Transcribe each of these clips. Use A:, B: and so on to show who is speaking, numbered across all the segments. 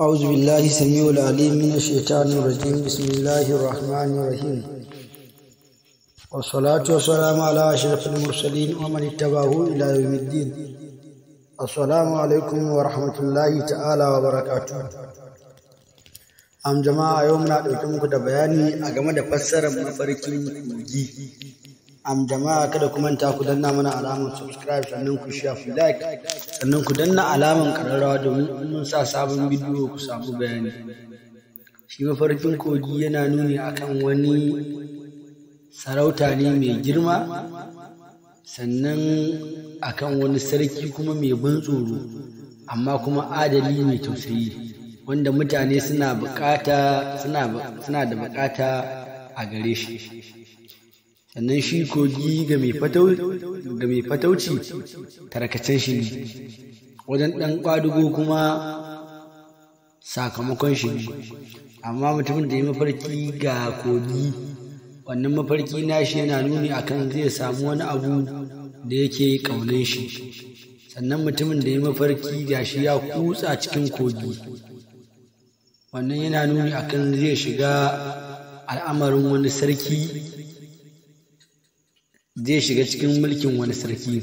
A: أعوذ بالله السميع العليم من الشيطان الرجيم بسم الله الرحمن الرحيم والصلاة والسلام على أشرف المرسلين ومن اتبعه إلى يوم الدين السلام عليكم ورحمة الله تعالى وبركاته am jama'a yau أتمنى ɗauke muku da bayani a game da fassarar mafarkin kogi am jama'a kada ku manta ku danna mana alamar subscribe sannan ku share ku like sannan ku danna alamar kararrawa domin mun sa sabon bidiyo ku samu bayani shi mafarkin kogi yana nuni akan wani sarauta ne mai girma sannan akan wani sarki kuma mai ban tsoro amma kuma adali mai tausayi wanda mutane suna bukata suna da bukata a gare shi sannan shi kogi ga mai fatauci tarkacen shi ne wajen ɗan ƙwadugo kuma sakamakon shi ne amma mutumin da ya mafarki ga kogi wannan mafarki nashi yana nuni akan zai samu wani abu da yake ƙaunin shi sannan mutumin da ya mafarki ga shi ya kutsa cikin kogi wannan yana nuni akan zai shiga al'amarin wani sarki zai shiga cikin mulkin wani sarki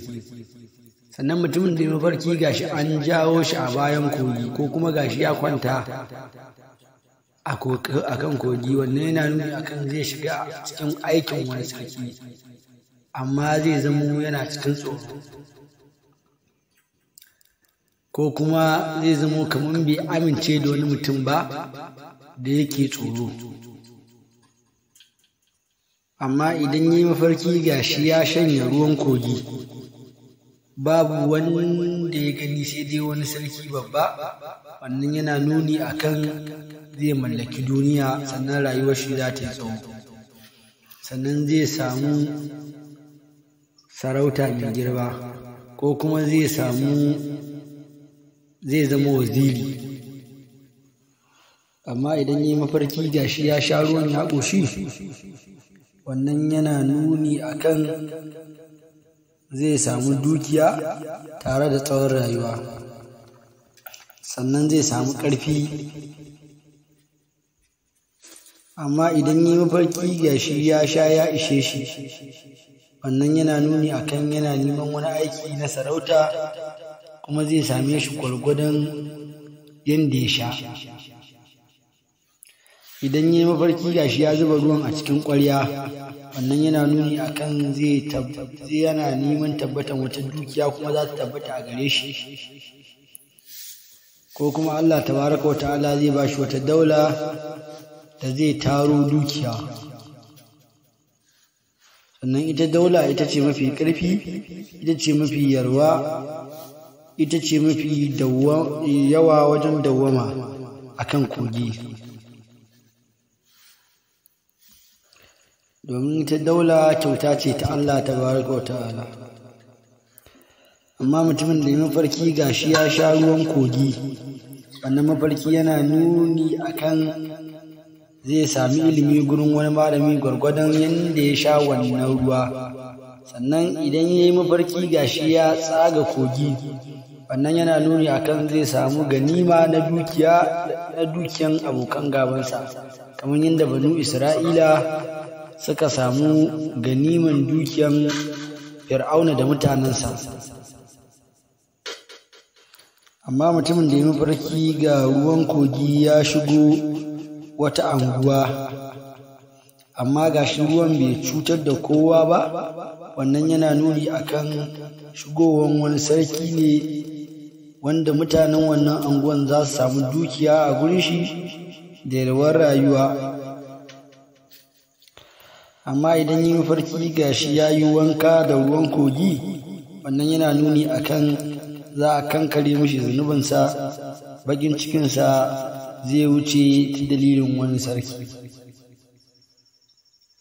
A: sannan mutumin da ya mafarki gashi an jawo shi a bayan kogi ko kuma gashi ya kwanta a kan kogi wannan yana nuni kan zai shiga cikin aikin wani sarki amma zai zamo yana cikin tsoro ko kuma zai zamo kamar bai amince da wani mutum ba da yake tsoro amma idan yi mafarki ga shi ya shanya ruwan kogi babu wanda ya gani sai dai wani sarki babba wannan yana nuni akan zai mallaki duniya sannan rayuwar shi za ta yi tsawo sannan zai samu sarauta mai girba ko kuma zai samu zai zama waziri amma idan yi mafarki gashi ya sha ruwan ya ƙoshi wannan yana nuni akan zai samu dukiya tare da tsawon rayuwa sannan zai samu ƙarfi amma idan yi mafarki ga shi ya sha ya ishe shi wannan yana nuni akan yana neman wani aiki na sarauta kuma zai same shi gwargwadon yadda ya sha idan ya yi mafarki gashi ya zuba ruwan a cikin ƙwarya wannan yana nuni kan zai yana neman tabbatar wata dukiya kuma za ta tabbata a gare shi ko kuma Allah tabaraka wa ta'ala zai ba shi wata daula da zai taro dukiya sannan ita daula ita ce mafi ƙarfi ita ce mafi yarwa ita ce mafi yawa wajen dawwama akan kogi domin ta daula kyauta ce ta Allah ta baraka wa ta'ala amma mutumin da ya mafarki ga shi ya sha ruwan kogi wannan mafarki yana nuni akan zai sami ilimi gurin wani malami gwargwadon yadda ya sha wannan ruwa sannan idan ya yi mafarki gashi ya tsaga kogi wannan yana nuni akan zai samu ganima na dukiya na dukiyan abokan gabansa kamar yadda banu isra'ila suka samu ganiman dukiyan fir'auna da mutanensa amma mutumin da ya mafarki ga ruwan kogi ya shigo wata anguwa amma ga shi ruwan bai cutar da kowa ba wannan yana nuni akan shigowar wani sarki ne wanda mutanen wannan anguwan za su samu dukiya a gurin shi da yalwar rayuwa amma idan yi mafarki gashi ya yi wanka da ruwan kogi wannan yana nuni akan za a kankare mishi zunubinsa bakin cikinsa zai wuce ta dalilin wani sarki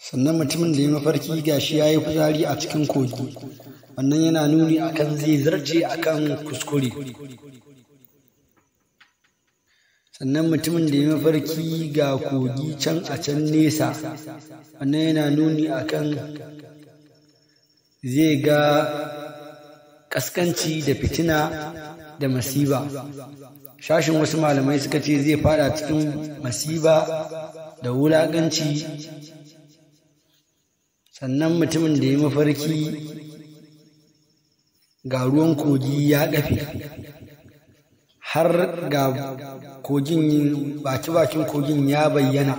A: sannan mutumin da ya mafarki gashi ya yi kuzari a cikin kogi wannan yana nuni akan zai zarce akan kuskure sannan mutumin da ya mafarki ga kogi can a can nesa wannan yana nuni a kan zai ga ƙaskanci da fitina da masiba shashin wasu malamai suka ce zai fada cikin masiba da wulaƙanci sannan mutumin da ya mafarki ga ruwan kogi ya ƙafe har ga kogin baki-bakin kogin ya bayyana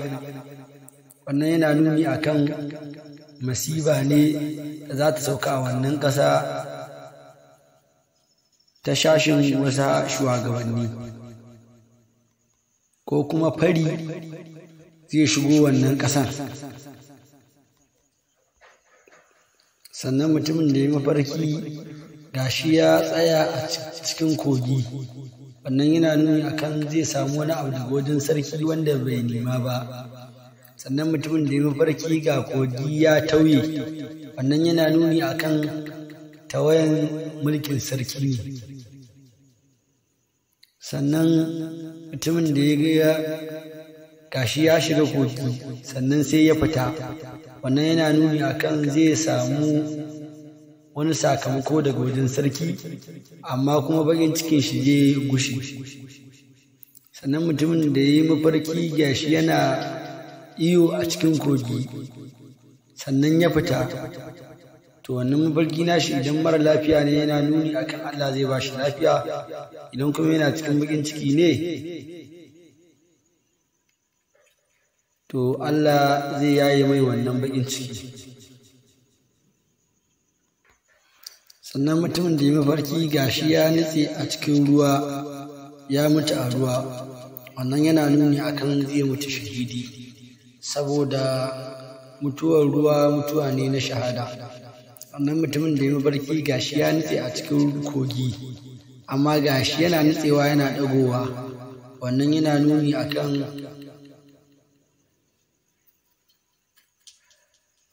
A: wannan yana nuni akan masiba ne za ta sauka a wannan ƙasa ta shashin wasa shugabanni ko kuma fari
B: zai shigo wannan ƙasan.
A: sannan mutumin da ya mafarki shi ya tsaya a cikin kogi wannan yana nuni akan zai samu wani abu daga wajen sarki wanda bai nema ba sannan mutumin da ya mafarki ga kogi ya tauye wannan yana nuni akan tawayan mulkin sarki ne sannan mutumin da ya gashi ya shiga kogi sannan sai ya fita wannan yana nuni akan zai samu wani sakamako daga wajen sarki amma kuma bakin cikin shi je gushi sannan mutumin da ya yi mafarki gashi yana iyo a cikin kogi sannan ya fita to wannan mafarki nashi idan mara lafiya ne yana nuni akan Allah zai ba shi lafiya idan kuma yana cikin bakin ciki ne to Allah zai yaye mai wannan bakin ciki sannan mutumin da ya mafarki gashi ya nutse a cikin ruwa ya mutu a ruwa wannan yana nuni akan zai mutu shahidi saboda mutuwar ruwa mutuwa ne na shahada wannan mutumin da ya mafarki gashi ya nutse a cikin kogi amma gashi yana nutsewa yana dagowa wannan yana nuni akan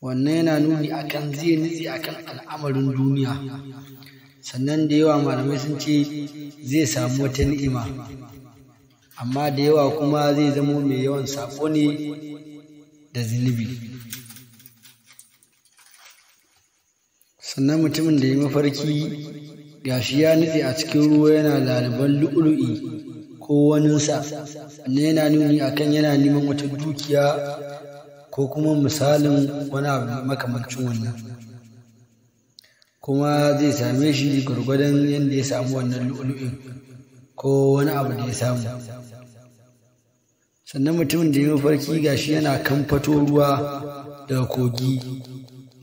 A: wannan yana nuni akan zai nutse akan al'amarin duniya sannan da yawa malamai sun ce zai samu wata ni'ima amma da yawa kuma zai zamo mai yawan sako ne da zunubi sannan mutumin da ya mafarki gashi ya nutse a cikin ruwa yana laliban lu'ulu'i ko waninsa wannan yana nuni akan yana neman wata dukiya ko kuma misalin wani abu makamancin wannan kuma zai same shi gwargwadon yadda ya samu wannan lu'ulu'in ko wani abu da ya samu sannan mutumin da ya mafarki ga shi yana kamfato ruwa daga kogi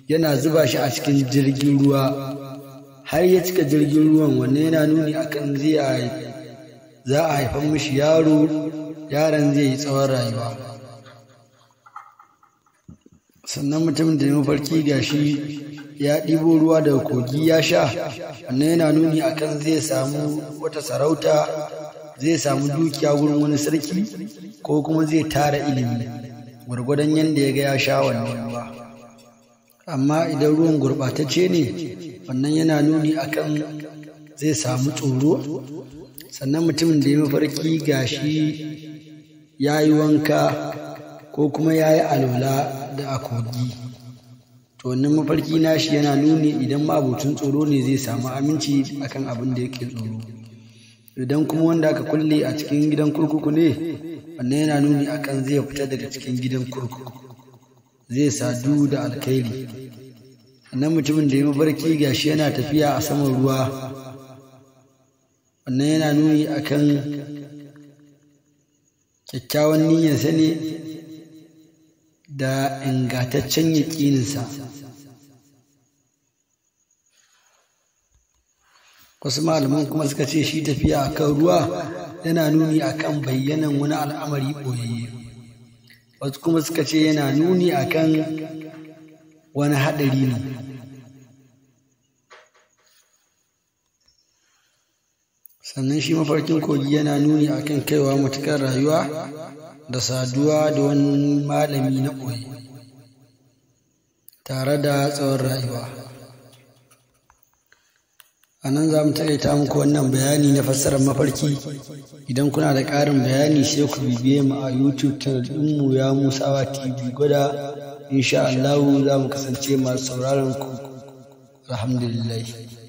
A: yana zuba shi a cikin jirgin ruwa har ya cika jirgin ruwan wanne yana nuni akan zai za a haifan mishi yaro yaron zai yi tsawon rayuwa sannan mutumin da ya mafarki ga shi ya ɗibo ruwa daga kogi ya sha wannan yana nuni akan zai samu wata sarauta zai samu dukiya wurin wani sarki ko kuma zai tara ilimi gwargwadon yadda ya ga ya sha wannan ruwa amma idan ruwan gurɓatacce ne wannan yana nuni akan zai samu tsoro sannan mutumin da ya mafarki gashi ya yi wanka ko kuma ya yi alwala da a kogi to wannan mafarki nashi yana nuni idan ma'abocin tsoro ne zai samu aminci akan abin da yake tsoro idan kuma wanda aka kulle a cikin gidan kurkuku ne wannan yana nuni akan zai fita daga cikin gidan kurkuku zai sadu da alkhairi wannan mutumin da ya mafarki gashi yana tafiya a saman ruwa wannan yana nuni akan kyakkyawan niyyarsa ne da ingataccen yaƙininsa wasu malaman kuma suka ce shi tafiya a kan ruwa yana nuni a kan bayyanan wani al'amari ɓoyayye wasu kuma suka ce yana nuni a kan wani haɗari ne sannan shi mafarkin kogi yana nuni a kan kaiwa matuƙar rayuwa da saduwa da wani malami na koyi tare da tsawon rayuwa a nan za mu ta muku wannan bayani na fassarar mafarki idan kuna da ƙarin bayani sai ku bibiye mu a youtube channel ɗinmu ya musawa tv gwada insha'Allahu sha'allahu za mu kasance masu sauraron ku alhamdulillah